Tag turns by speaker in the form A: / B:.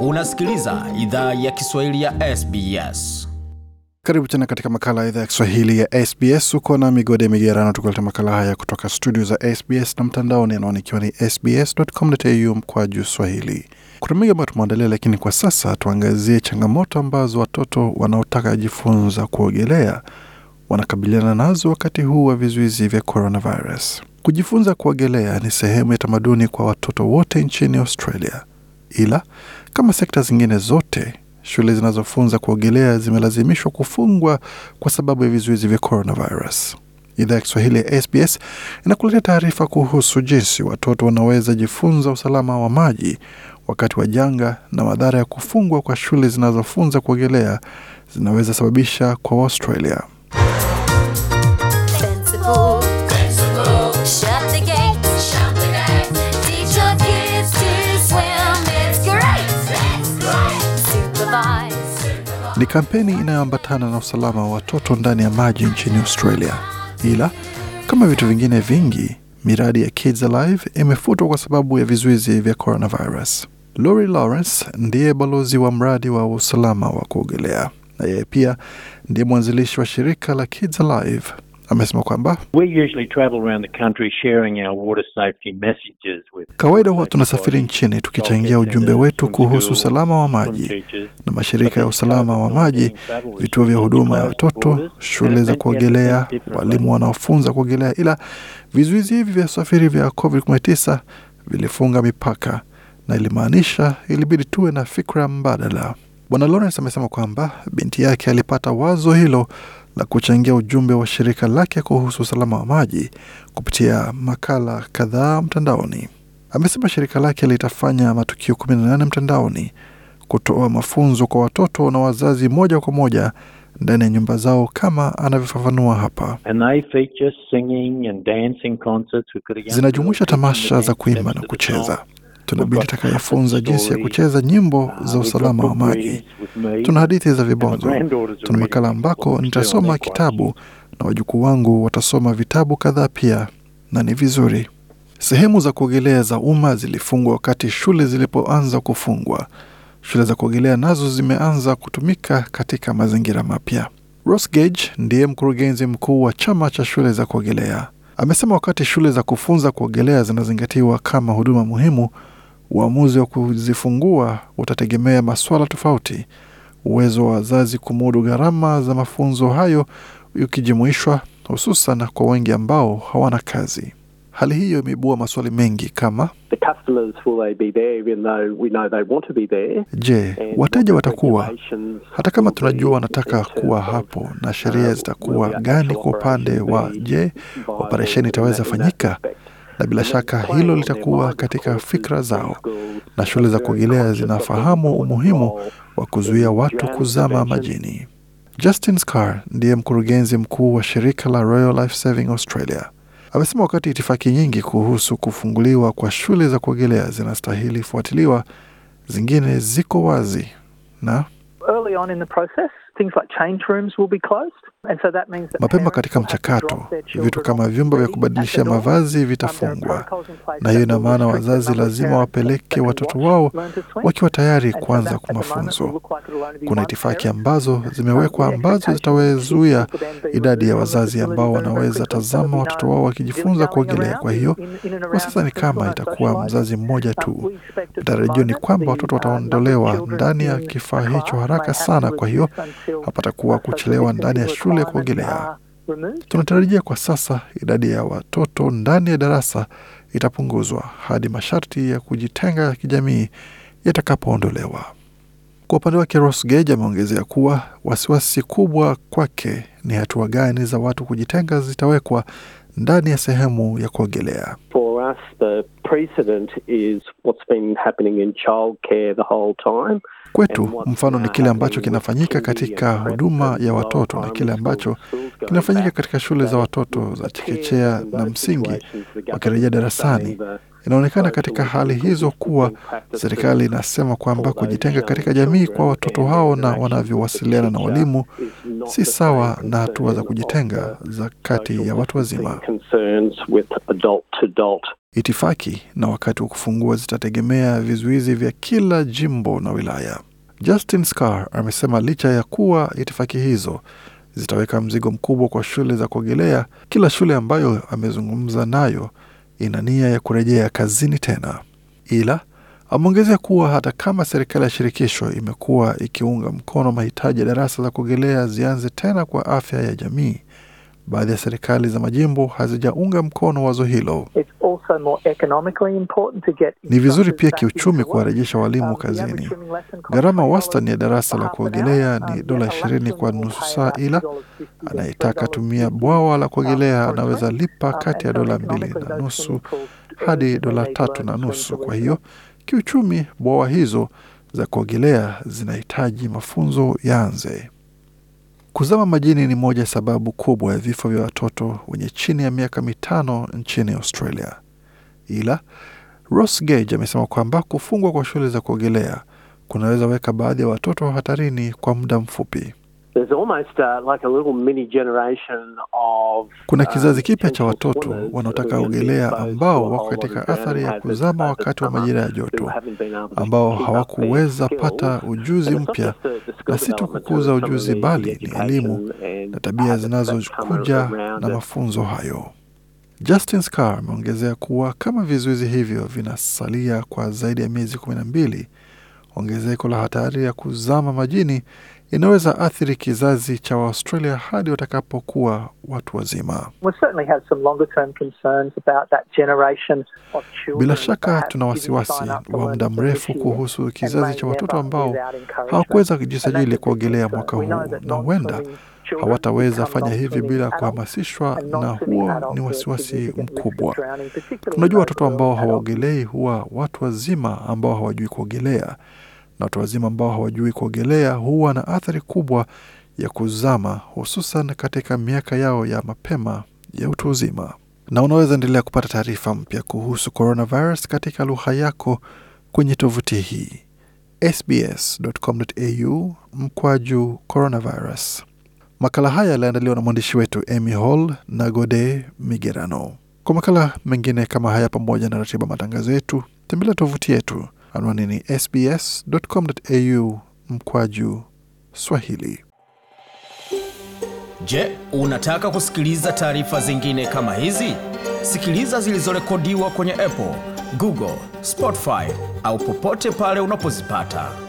A: Unasikiliza idhaa ya Kiswahili ya SBS. Karibu tena katika makala ya idhaa ya Kiswahili ya SBS. Uko na Migode Migerano tukuleta makala haya kutoka studio za SBS na mtandaoni, anaoni ikiwa ni sbs.com.au mkwa juu Swahili. Kuna mengi ambayo tumeandalia, lakini kwa sasa tuangazie changamoto ambazo watoto wanaotaka jifunza kuogelea wanakabiliana nazo wakati huu wa vizuizi vya coronavirus. Kujifunza kuogelea ni sehemu ya tamaduni kwa watoto wote nchini Australia ila kama sekta zingine zote, shule zinazofunza kuogelea zimelazimishwa kufungwa kwa sababu ya vizuizi vya coronavirus. Idhaa ya Kiswahili ya SBS inakuletea taarifa kuhusu jinsi watoto wanaweza jifunza usalama wa maji wakati wa janga na madhara ya kufungwa kwa shule zinazofunza kuogelea zinaweza sababisha kwa Australia. Sensible. ni kampeni inayoambatana na usalama wa watoto ndani ya maji nchini Australia. Ila kama vitu vingine vingi, miradi ya Kids Alive imefutwa kwa sababu ya vizuizi vya coronavirus. Lori Lawrence ndiye balozi wa mradi wa usalama wa kuogelea na yeye pia ndiye mwanzilishi wa shirika la Kids Alive amesema kwamba kawaida huwa tunasafiri nchini tukichangia ujumbe wetu kuhusu usalama wa maji na mashirika ya usalama wa maji, vituo vya huduma ya watoto, shule za kuogelea, walimu wanaofunza kuogelea, ila vizuizi hivi vya usafiri vya COVID-19 vilifunga mipaka na ilimaanisha ilibidi tuwe na fikra mbadala. Bwana Lawrence amesema kwamba binti yake alipata wazo hilo la kuchangia ujumbe wa shirika lake kuhusu usalama wa maji kupitia makala kadhaa mtandaoni. Amesema shirika lake litafanya matukio 18 mtandaoni kutoa mafunzo kwa watoto na wazazi moja kwa moja ndani ya nyumba zao kama anavyofafanua hapa. Zinajumuisha tamasha za kuimba na kucheza tunabidi takayafunza jinsi ya kucheza nyimbo za usalama wa maji. Tuna hadithi za vibonzo, tuna makala ambako nitasoma kitabu na wajukuu wangu watasoma vitabu kadhaa pia, na ni vizuri. Sehemu za kuogelea za umma zilifungwa wakati shule zilipoanza kufungwa. Shule za kuogelea nazo zimeanza kutumika katika mazingira mapya. Ross Gage ndiye mkurugenzi mkuu wa chama cha shule za kuogelea. Amesema wakati shule za kufunza kuogelea zinazingatiwa kama huduma muhimu, Uamuzi wa kuzifungua utategemea masuala tofauti, uwezo wa wazazi kumudu gharama za mafunzo hayo ukijumuishwa, hususan kwa wengi ambao hawana kazi. Hali hiyo imeibua maswali mengi kama je, wateja watakuwa hata kama tunajua wanataka kuwa hapo, na uh, sheria zitakuwa gani kwa upande wa je, operesheni itaweza fanyika na bila shaka hilo litakuwa katika fikra zao, na shule za kuogelea zinafahamu umuhimu wa kuzuia watu kuzama majini. Justin Scar ndiye mkurugenzi mkuu wa shirika la Royal Life Saving Australia. Amesema wakati itifaki nyingi kuhusu kufunguliwa kwa shule za kuogelea zinastahili fuatiliwa, zingine ziko wazi na early on in the process Mapema katika mchakato, vitu kama vyumba vya kubadilishia mavazi vitafungwa, na hiyo ina maana wazazi lazima wapeleke watoto wao wakiwa tayari kuanza kwa mafunzo. Kuna itifaki ambazo zimewekwa ambazo zitawezuia idadi ya wazazi ambao wanaweza tazama watoto wao wakijifunza kuogelea. Kwa hiyo kwa sasa ni kama itakuwa mzazi mmoja um, tu. Matarajio ni kwamba watoto uh, wataondolewa ndani ya kifaa hicho haraka sana, kwa hiyo hapatakuwa kuchelewa ndani ya shule kuogelea. Tunatarajia kwa sasa idadi ya watoto ndani ya darasa itapunguzwa hadi masharti ya kujitenga ya kijamii yatakapoondolewa. Kwa upande wake, Ross Gage ameongezea kuwa wasiwasi kubwa kwake ni hatua gani za watu kujitenga zitawekwa ndani ya sehemu ya kuogelea. the precedent is what's been happening in childcare the whole time Kwetu mfano ni kile ambacho kinafanyika katika huduma ya watoto na kile ambacho kinafanyika katika shule za watoto za chekechea na msingi wakirejea darasani. Inaonekana katika hali hizo kuwa serikali inasema kwamba kujitenga katika jamii kwa watoto hao na wanavyowasiliana na walimu si sawa na hatua za kujitenga za kati ya watu wazima. Itifaki na wakati wa kufungua zitategemea vizuizi vya kila jimbo na wilaya. Justin Scar amesema licha ya kuwa itifaki hizo zitaweka mzigo mkubwa kwa shule za kuogelea, kila shule ambayo amezungumza nayo ina nia ya kurejea kazini tena, ila ameongezea kuwa hata kama serikali ya shirikisho imekuwa ikiunga mkono mahitaji ya darasa za kuogelea zianze tena kwa afya ya jamii, baadhi ya serikali za majimbo hazijaunga mkono wazo hilo. Ni vizuri pia kiuchumi kuwarejesha um, walimu kazini. Gharama wastani ya darasa la um, kuogelea ni dola um, ishirini kwa nusu saa, ila anayetaka tumia bwawa la kuogelea anaweza lipa kati ya dola mbili na nusu hadi dola tatu na nusu. Kwa hiyo kiuchumi, bwawa hizo za kuogelea zinahitaji mafunzo yaanze. Kuzama majini ni moja ya sababu kubwa ya vifo vya watoto wenye chini ya miaka mitano nchini Australia, ila Ross Gage amesema kwamba kufungwa kwa shule za kuogelea kunaweza weka baadhi ya watoto hatarini kwa muda mfupi. Uh, Kuna uh, kizazi kipya cha watoto wanaotaka ogelea ambao wako katika athari ya kuzama wakati wa majira ya joto, ambao hawakuweza pata ujuzi mpya, na si tu kukuza ujuzi, bali ni elimu na tabia zinazokuja na mafunzo hayo. Justin Scar ameongezea kuwa kama vizuizi hivyo vinasalia kwa zaidi ya miezi kumi na mbili, ongezeko la hatari ya kuzama majini inaweza athiri kizazi cha Waaustralia hadi watakapokuwa watu wazima. Bila shaka tuna wasiwasi wa muda mrefu kuhusu kizazi cha watoto ambao hawakuweza kujisajili kuogelea mwaka huu na huenda hawataweza fanya hivi bila kuhamasishwa, na huo ni wasiwasi mkubwa. Tunajua watoto ambao hawaogelei huwa watu wazima ambao hawajui kuogelea na watu wazima ambao hawajui kuogelea huwa na athari kubwa ya kuzama, hususan katika miaka yao ya mapema ya utu uzima. Na unaweza endelea kupata taarifa mpya kuhusu coronavirus katika lugha yako kwenye tovuti hii sbs.com.au mkwaju coronavirus. Makala haya yaliandaliwa na mwandishi wetu Amy Hall na Gode Migerano. Kwa makala mengine kama haya, pamoja na ratiba matangazo yetu, tembelea tovuti yetu Anwani ni sbs.com.au mkwaju Swahili. Je, unataka kusikiliza taarifa zingine kama hizi? Sikiliza zilizorekodiwa kwenye Apple, Google, Spotify au popote pale unapozipata.